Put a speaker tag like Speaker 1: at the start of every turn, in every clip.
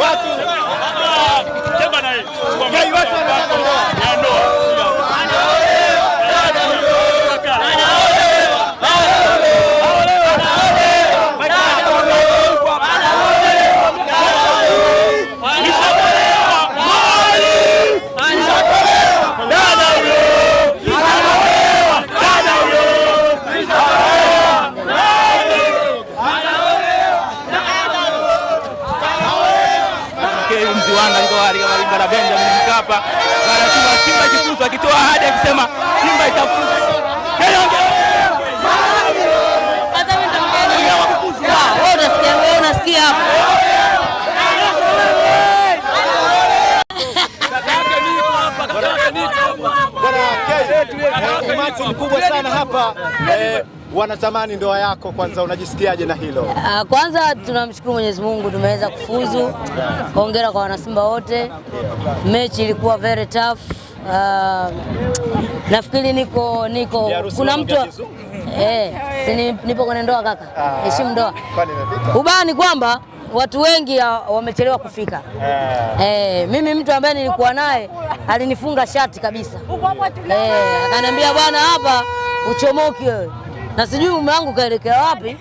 Speaker 1: watu Keli Mziwanda yuko katika Benjamin Mkapa. Simba Simba kifuzu akitoa ahadi akisema Simba itafuzu. umati mkubwa sana hapa eh, wanatamani ndoa yako, kwanza unajisikiaje na hilo?
Speaker 2: Ah, kwanza tunamshukuru Mwenyezi Mungu tumeweza kufuzu. Hongera kwa wanasimba wote, mechi ilikuwa very tough. Uh, nafikiri niko niko kuna mtu eh, nipo kwenye ndoa kaka, ah, heshimu ndoa ubani kwamba watu wengi wamechelewa kufika yeah. Eh, mimi mtu ambaye nilikuwa naye alinifunga shati kabisa eh, akaniambia bwana, hapa uchomoki wewe, na sijui mume wangu kaelekea wapi,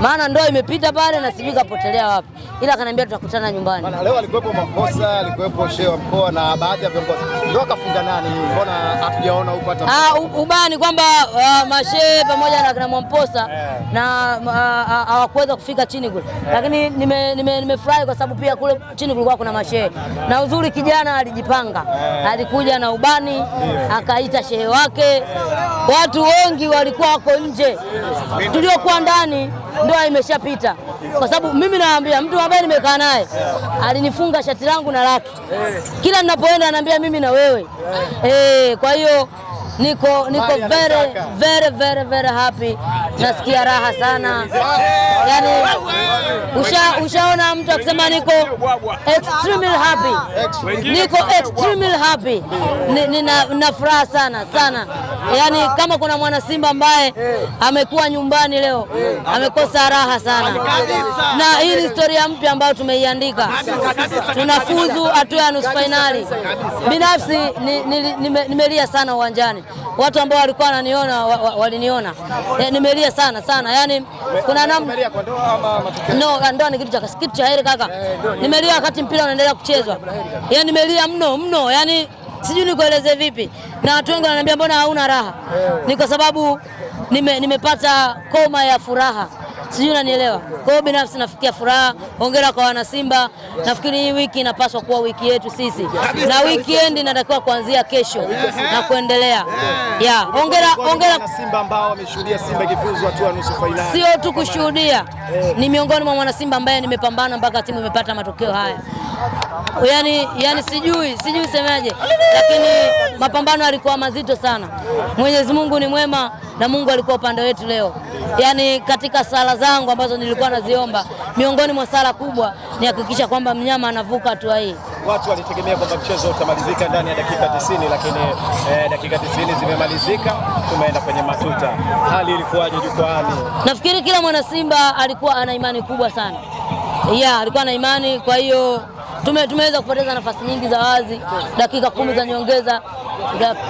Speaker 2: maana ndoa imepita pale na sijui kapotelea wapi, ila akaniambia tutakutana nyumbani.
Speaker 1: leo alikuwepo Makosa, alikuwepo shehe wa mkoa na baadhi ya viongozi ndo akafunga nani, mbona hatujaona huko hata ah,
Speaker 2: ubani kwamba uh, mashe pamoja na kina Mwamposa yeah. na ah, ah, hawakuweza uh, kufika chini kule yeah. Lakini nimefurahi nime, nime kwa sababu pia kule chini kulikuwa kuna mashehe na uzuri, kijana alijipanga yeah. Alikuja na ubani yeah. Akaita shehe wake yeah. Watu wengi walikuwa wako nje yeah. Tuliokuwa ndani ndoa imeshapita kwa sababu mimi naambia mtu ambaye nimekaa naye alinifunga shati langu na laki, kila ninapoenda anaambia mimi na wewe eh. Kwa hiyo niko niko very very very very happy, nasikia raha sana yani, ushaona usha mtu akisema niko extremely happy, niko extremely happy, nina furaha sana sana. yani kama kuna mwana Simba ambaye eh. amekuwa nyumbani leo eh. amekosa raha sana, na hii ni historia mpya ambayo tumeiandika. Tunafuzu hatua ya nusu fainali. Binafsi nimelia sana uwanjani, watu ambao walikuwa wananiona waliniona, eh, nimelia sana sana. yani kuna namna, no, ndoa ni kitu cha heri kaka. Nimelia wakati mpira unaendelea kuchezwa, yaani nimelia mno mno, yaani sijui nikueleze vipi, na watu wengi wananiambia mbona hauna raha? Ni kwa sababu nime, nimepata koma ya furaha sijui unanielewa. Kwa hiyo binafsi nafikia furaha, hongera kwa wanasimba. Nafikiri hii wiki inapaswa kuwa wiki yetu sisi, na weekend inatakiwa kuanzia kesho na kuendelea. Yeah, hongera hongera
Speaker 1: Simba ambao wameshuhudia Simba kifuzu hatua ya nusu fainali.
Speaker 2: Sio tu kushuhudia, ni miongoni mwa mwanasimba ambaye nimepambana mpaka timu imepata matokeo haya. Yaani, yani sijui sijui semaje, lakini mapambano yalikuwa mazito sana. Mwenyezi Mungu ni mwema na Mungu alikuwa upande wetu leo. Yaani katika sala zangu ambazo nilikuwa naziomba, miongoni mwa sala kubwa ni hakikisha kwamba mnyama anavuka hatua hii.
Speaker 1: Watu walitegemea kwamba mchezo utamalizika ndani ya dakika 90, lakini eh, dakika 90 zimemalizika, tumeenda kwenye matuta. Hali ilikuwaje
Speaker 2: jukwaani? Nafikiri kila mwana Simba alikuwa ana imani kubwa sana, ya alikuwa na imani, kwa hiyo tume, tumeweza kupoteza nafasi nyingi za wazi, dakika kumi za nyongeza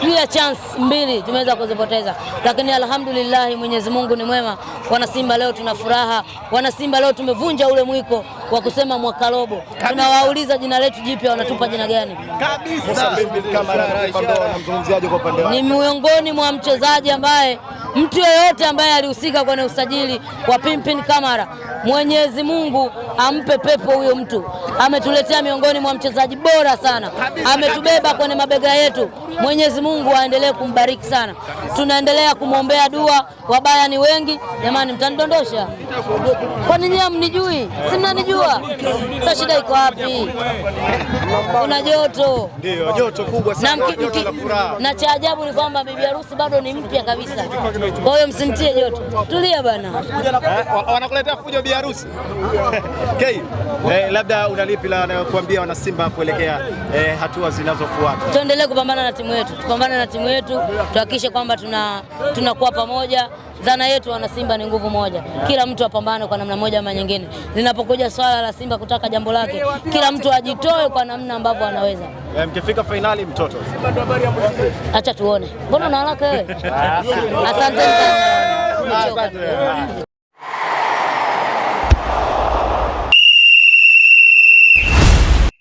Speaker 2: clear chance mbili tumeweza kuzipoteza, lakini alhamdulillah, Mwenyezi Mungu ni mwema. Wana Simba leo tuna furaha, wana Simba leo tumevunja ule mwiko wa kusema mwaka robo. Tunawauliza jina letu jipya, wanatupa jina gani?
Speaker 1: Kabisa
Speaker 2: ni miongoni mwa mchezaji ambaye mtu yeyote ambaye alihusika kwenye usajili wa Pimpin Kamara, Mwenyezi Mungu ampe pepo huyo mtu. Ametuletea miongoni mwa mchezaji bora sana, ametubeba kwenye mabega yetu. Mwenyezi Mungu aendelee kumbariki sana, tunaendelea kumwombea dua. Wabaya ni wengi jamani, mtanidondosha kwani nini? mnijui? Si mnanijua? Sasa shida iko wapi? Kuna joto,
Speaker 1: ndio joto kubwa sana
Speaker 2: na cha ajabu ni kwamba bibi harusi bado ni mpya kabisa. Kwa hiyo msimtie joto, tulia bana.
Speaker 1: Eh, wanakuletea fujo bi harusi. Okay. Eh, labda unalipi la kuambia wana Simba kuelekea eh, hatua zinazofuata?
Speaker 2: Tuendelee kupambana na timu yetu, tupambane na timu yetu, tuhakikishe kwamba tuna tunakuwa pamoja Dhana yetu wana Simba ni nguvu moja, kila mtu apambane kwa namna moja ama nyingine. Linapokuja swala la Simba kutaka jambo lake, kila mtu ajitoe kwa namna ambavyo anaweza.
Speaker 1: Eh, mkifika fainali, mtoto
Speaker 2: acha tuone. Mbona una haraka wewe? Ah. Asante sana. Ah,